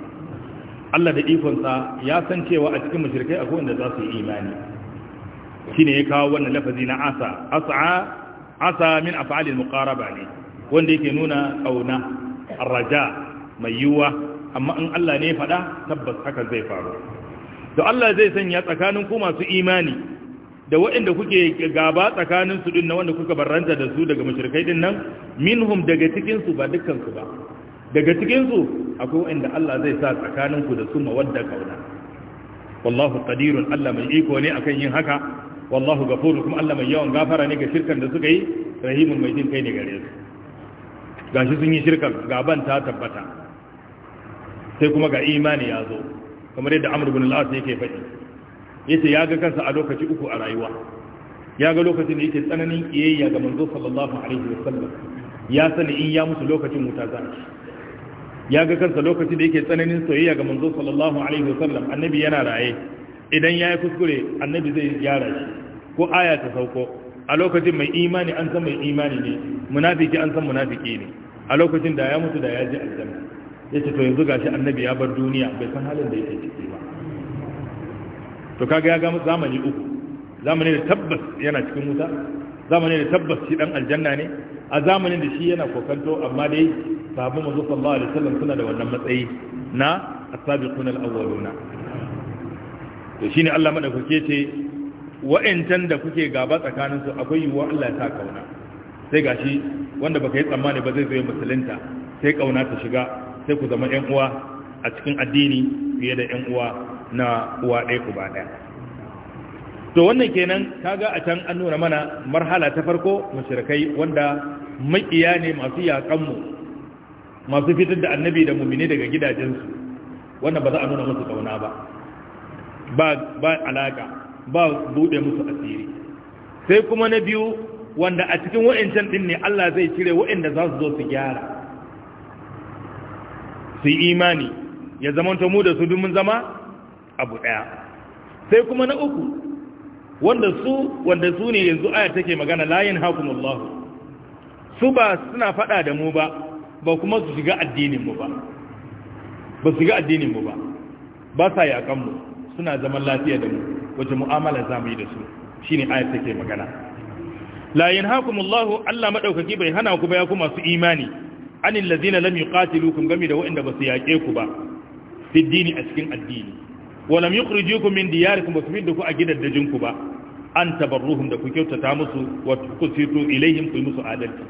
Allah da ikonsa ya san cewa a cikin mushrikai akwai wanda za su yi imani shine ya kawo wannan lafazi na asa as'a asa min af'alil muqaraba ne wanda yake nuna ƙauna arraja mai yiwuwa amma in Allah ne faɗa tabbas hakan zai faru to Allah zai sanya tsakanin ku masu imani da waɗanda kuke gaba tsakanin su din na wanda kuka barranta da su daga mushrikai din nan minhum daga cikin su ba dukkan su ba daga cikin su akwai waɗanda Allah zai sa tsakanin ku da su mawadda kauna wallahu qadirun Allah mai iko ne akan yin haka wallahu ghafurun kuma Allah mai yawan gafara ne ga shirkan da suka yi rahimun mai jin kai ne gare su Ga shi sun yi shirkan gaban ta tabbata sai kuma ga imani ya zo kamar yadda amur bin al'as yake faɗi yace ya ga kansa a lokaci uku a rayuwa ya ga lokacin da yake tsananin iyayya ga manzo sallallahu alaihi wasallam ya sani in ya musu lokacin wuta za ya ga kansa lokacin da yake tsananin soyayya ga manzo sallallahu alaihi wasallam annabi yana raye idan ya yi kuskure annabi zai gyara shi ko aya ta sauko a lokacin mai imani an san mai imani ne munafiki an san munafiki ne a lokacin da ya mutu da ya ji aljanna ya ce to yanzu gashi annabi ya bar duniya bai san halin da yake ciki ba to kaga ya ga zamani uku zamani da tabbas yana cikin wuta zamani da tabbas shi dan aljanna ne a zamanin da shi yana kokanto amma dai sahabban manzo sallallahu alaihi wasallam suna da wannan matsayi na as-sabiquna al-awwaluna to shine Allah madaukake ce wa'antan da kuke gaba tsakaninsu akwai yuwa Allah ya sa kauna sai gashi wanda baka yi tsammani ba zai zo musulunta sai kauna ta shiga sai ku zama yan uwa a cikin addini fiye da yan uwa na uwa ɗaya ku ba ɗaya to wannan kenan kaga a can an nuna mana marhala ta farko mushrikai wanda makiya ne masu yakan mu masu fitar da annabi da muminai daga gidajensu wannan ba za a nuna musu kauna ba ba ba alaka ba bude musu asiri sai kuma na biyu wanda a cikin wa'incan din ne Allah zai cire wa'inda za su zo su gyara su yi imani ya zamanta mu da su dumin zama abu ɗaya sai kuma na uku wanda su wanda su ne yanzu aya take magana layin Allah su ba suna fada da mu ba ba kuma su shiga addinin mu ba ba su shiga addinin mu ba ba sa yaƙanmu, mu suna zaman lafiya da mu wace mu'amala za mu yi da su shine ayar take magana la yanhaakumullahu Allah maɗaukaki bai hana ku ba ya ku masu imani Anin ladina lam yuqatilukum gami da wanda basu yake ku ba fi dini a cikin addini wa lam yukhrijukum min diyarikum basu fidda ku a gidaddajin ku ba an tabarruhum da ku kyautata musu wa tuqsitu ilaihim ku musu adalci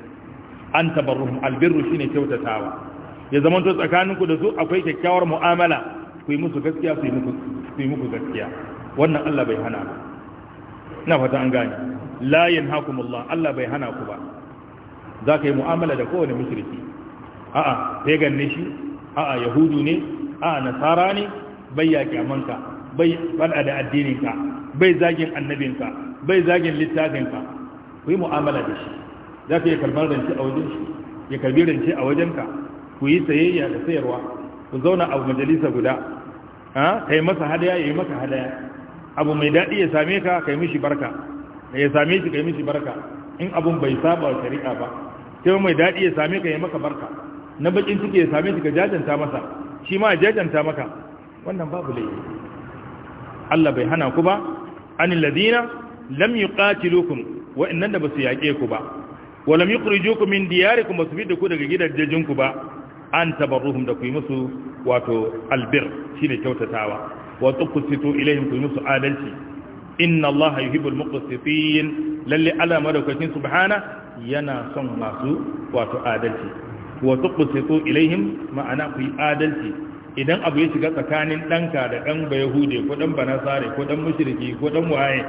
an tabarruhum albirru shine kyautatawa ya zaman to tsakaninku da su akwai kyakkyawar mu'amala ku yi musu gaskiya su yi muku gaskiya wannan Allah bai hana ba ina fata an gane la yanhakumullah Allah bai hana ku ba za ka yi mu'amala da kowane mushriki a'a pagan ne shi a'a yahudu ne a'a nasara ne bai yaƙi amanka bai faɗa da addininka bai zagin annabinka bai zagin littafinka ku yi mu'amala da shi za ka yi karɓar rance a wajen shi ya karbi rance a wajenka ku yi sayayya da sayarwa ku zauna a majalisa guda ka yi masa hadaya ya yi masa hadaya abu mai daɗi ya same ka ka yi mishi barka da ya same shi kai mishi barka in abun bai saba shari'a ba sai mai daɗi ya same ka ya maka barka na bakin ciki ya same shi ka jajanta masa shi ma jajanta maka wannan babu laifi Allah bai hana ku ba anil ladina lam yuqatilukum wa innan da basu yaƙe ku ba wa lam yukhrijukum min diyarikum basu fidda ku daga gidajen ku ba an tabarruhum da ku yi musu wato albir shine kyautatawa wa tuqsitu ilaihim ku yi musu adalci inna allaha yuhibbul muqsitin lalle Allah madaukakin subhana yana son masu wato adalci wa tuqsitu ilaihim ma'ana ku adalci idan abu ya shiga tsakanin danka da dan bayahude ko dan banasare ko dan mushriki ko dan waye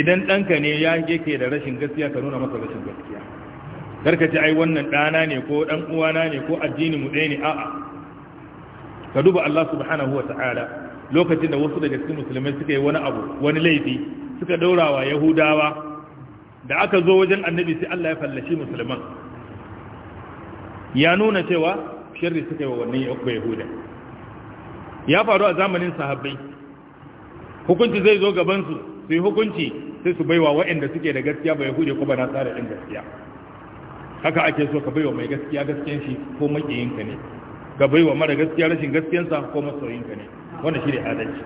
idan danka ne ya yake da rashin gaskiya ka nuna masa rashin gaskiya karka ce ai wannan dana ne ko dan uwana ne ko addini mu ɗaya ne a'a ka duba Allah subhanahu wa ta'ala lokacin da wasu daga cikin musulmai suka yi wani abu wani laifi suka wa yahudawa da aka zo wajen annabi sai Allah ya fallashi musulman ya nuna cewa shirri suka yi wa wannan yahuda ya faru a zamanin sahabbai hukunci zai zo gabansu su yi hukunci sai su baiwa waɗanda suke da gaskiya ba yahudi ko ba na tsara ɗin gaskiya haka ake so ka baiwa mai gaskiya gaskiyan shi ko makiyinka ne ka baiwa mara gaskiya rashin gaskiyansa ko masoyinka ne wanda shi ne adalci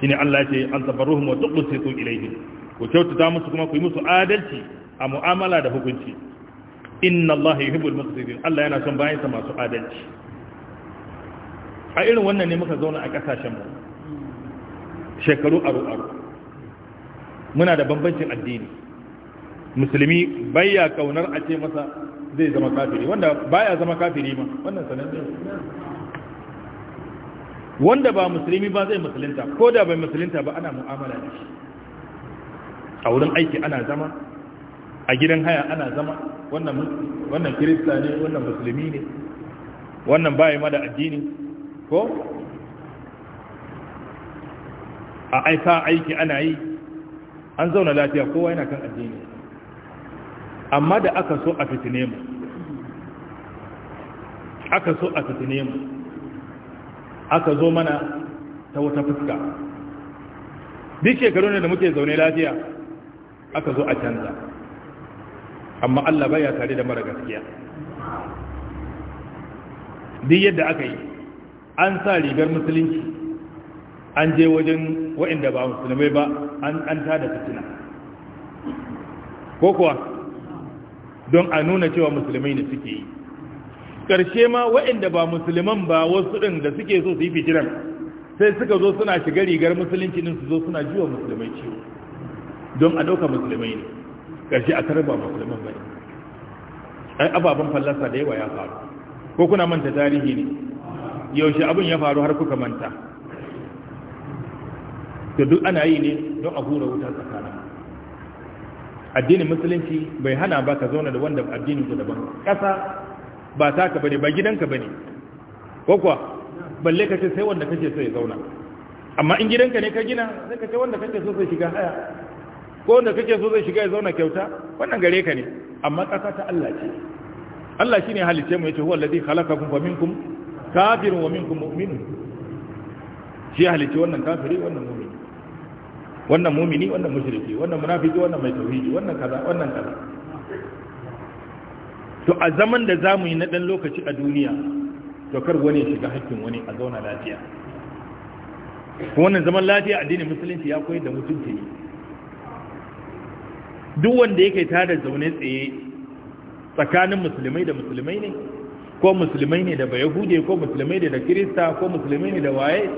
shi ne Allah ce an tabaruhum wa tuqsitu ilayhim ku kyautata musu kuma ku yi musu adalci a mu'amala da hukunci inna Allah yuhibbul muqsitin Allah yana son bayan sa masu adalci a irin wannan ne muka zauna a kasashen mu shekaru aru aru muna da bambancin addini musulmi baya kaunar a ce masa zai zama kafiri wanda baya zama kafiri ma wannan sanan ne wanda ba musulmi ba zai musulunta ko da bai musulunta ba ana mu'amala da shi a wurin aiki ana zama a gidan haya ana zama wannan kirista ne wannan musulmi ne wannan baya ma da addini ko a aika aiki ana yi an zauna lafiya kowa yana kan addini amma da aka so a fitine mu aka so a fitine mu aka zo mana ta wata fuska duk shekaru ne da muke zaune lafiya aka zo a canza amma Allah baya tare da mara gaskiya duk yadda aka yi an sa rigar musulunci an je wajen waɗanda ba musulmai ba an tada fitina ko kuwa don a nuna cewa musulmai ne suke yi ƙarshe ma waɗanda ba musulman ba wasu ɗin da suke so su yi fitilar, sai suka zo suna shiga rigar musulunci ɗin su zo suna jiwa musulmai ciwo don a ɗauka musulmai ne ƙarshe a tarar ba musulman ba ne ai ababen fallasa da yawa ya faru ko kuna manta tarihi ne yaushe abin ya faru har kuka manta da duk ana yi ne don a hura wuta tsakanin addinin musulunci bai hana ba ka zauna da wanda addinin ku daban ƙasa ba ka bane ba gidanka bane ko kuwa balle ka ce sai wanda kake so ya zauna amma in gidanka ne ka gina sai ka ce wanda kake so zai shiga haya ko wanda kake so zai shiga ya zauna kyauta wannan gare ka ne amma ƙasa ta Allah ce Allah shine halice mu yace huwa allazi khalaqakum fa minkum kafirun wa minkum mu'minun shi halice wannan kafiri wannan mu'mini wannan mu'mini wannan mushriki wannan munafiki wannan mai tauhidi wannan kaza wannan kaza to a zaman da za mu yi na ɗan lokaci a duniya to kar wani ya shiga hakkin wani a zauna lafiya wannan zaman lafiya addinin musulunci ya koyar da mutunta yi duk wanda yake tada zaune tsaye tsakanin musulmai da musulmai ne ko musulmai ne da bayahude ko musulmai ne da kirista ko musulmai ne da waye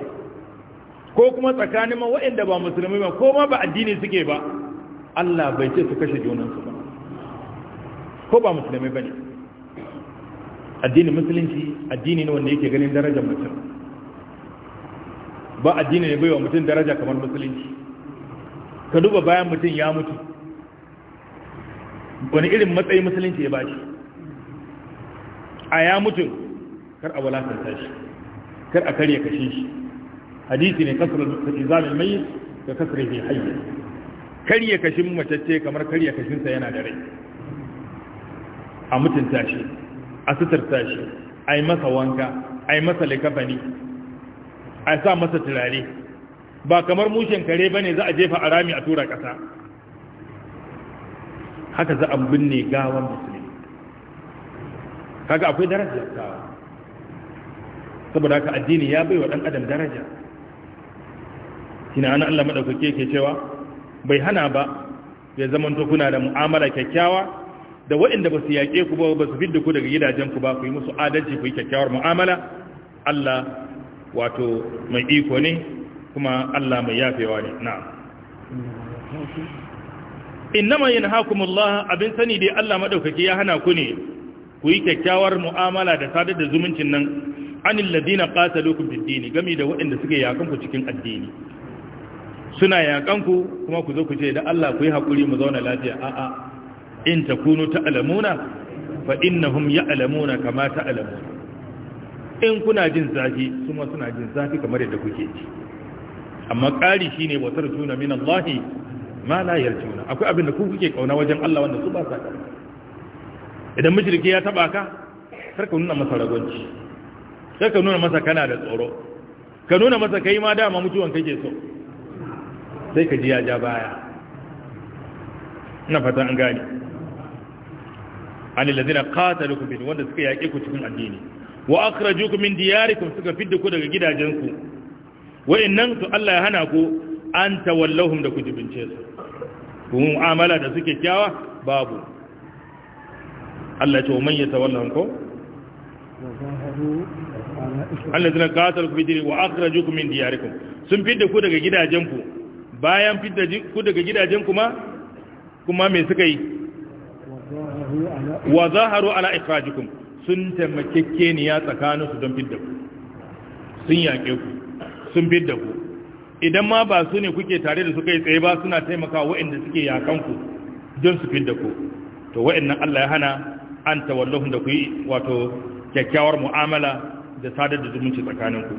ko kuma tsakanin ma waɗanda ba musulmai ba ko ma ba addini suke ba Allah bai ce su kashe junansu ko ba musulmi bane addinin musulunci addini ne wanda yake ganin darajar mutum ba addini ne baiwa mutum daraja kamar musulunci ka duba bayan mutum ya mutu wani irin matsayi musulunci ya bashi a ya mutu kar a walakanta shi kar a karya kashi shi hadisi ne kasar izalin mai da kasar fi hayya karya kashin mutacce kamar karya kashinsa yana da rai a mutunta shi a suturta shi a yi masa wanka a yi masa likafani a sa masa turare ba kamar mushen kare ba ne za a jefa a rami a tura ƙasa haka za a binne gawan musulmi kaga akwai daraja gawa saboda haka addini ya bai wa ɗan adam daraja shine ana Allah madaukake ke cewa bai hana ba ya zamanto kuna da mu'amala kyakkyawa da waɗanda ba su yaƙe ku ba ba su fidda ku daga gidajen ku ba ku yi musu adalci ku yi kyakkyawar mu'amala Allah wato mai iko ne kuma Allah mai yafewa ne na'am innama yanhaakumullah abin sani dai Allah madaukake ya hana ku ne ku yi kyakkyawar mu'amala da sadar da zumuncin nan anil ladina qatalukum bid-din game da waɗanda suke yakan ku cikin addini suna yakan ku kuma ku zo ku ce da Allah ku yi hakuri mu zauna lafiya a'a in takunu ta'lamuna fa innahum ya'lamuna kama ta'lamun in kuna jin zafi kuma suna jin zafi kamar yadda kuke ji amma ƙari shine wa tuna min Allah ma la yarjuna akwai abin da ku kuke kauna wajen Allah wanda su ba sa ka idan mushriki ya taba ka kar ka nuna masa ragonci kar ka nuna masa kana da tsoro ka nuna masa kai ma dama mutuwan kake so sai ka ji ya ja baya ina fata an gane an alladhina qatalukum bin wanda suka yaƙe ku cikin addini wa akhrajukum min diyarikum suka fidda ku daga gidajenku wa innan to Allah ya hana ku an tawallahum da ku jibince su ku mu'amala da suke kyawa babu Allah ya ce man yatawallahum ko alladhina qatalukum bi wa akhrajukum min diyarikum sun fidda ku daga gidajenku bayan fidda ku daga gidajenku ma kuma me suka yi wa zaharu ala ikhrajikum sun taimakeke ni ya tsakanin su don fidda ku sun yaƙe ku sun fidda ku idan ma ba su ne kuke tare da su kai tsaye ba suna taimaka waɗanda suke yakan ku don su fidda ku to waɗannan Allah ya hana an tawallahun da ku yi wato kyakkyawar mu'amala da sadar da zumunci tsakanin ku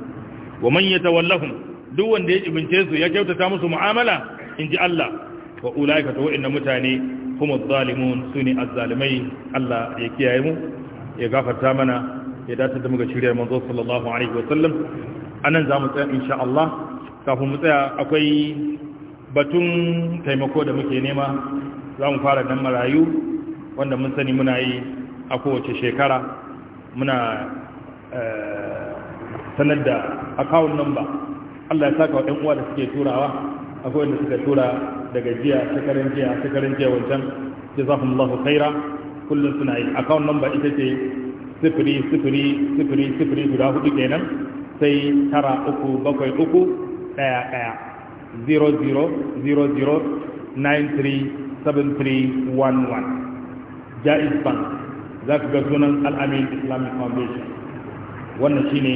wa man yatawallahum duk wanda ya ibince su ya kyautata musu mu'amala inji Allah wa ulaika to waɗannan mutane kuma zalimun su ne azzalimai Allah ya kiyaye mu ya gafarta mana ya dace da muka shirya manzo sallallahu alaihi wa sallam anan za mu tsaya insha kafin mu tsaya akwai batun taimako da muke nema za mu fara dan marayu wanda mun sani muna yi a kowace shekara muna sanar da account number Allah ya saka wa ɗan uwa da suke turawa akwai wanda suka tura daga jiya ta karin jiya ta karin jiya wancan jazakumullahu kaira kullum suna yi account number ita ce sifiri sifiri sifiri sifiri guda hudu kenan sai tara uku bakwai uku ɗaya ɗaya 0000937311 jaiz bank za ka ga sunan al'amin islamic foundation wannan shine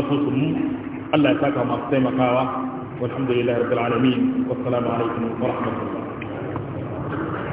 asusun Allah ya saka masu taimakawa والحمد لله رب العالمين والسلام عليكم ورحمة الله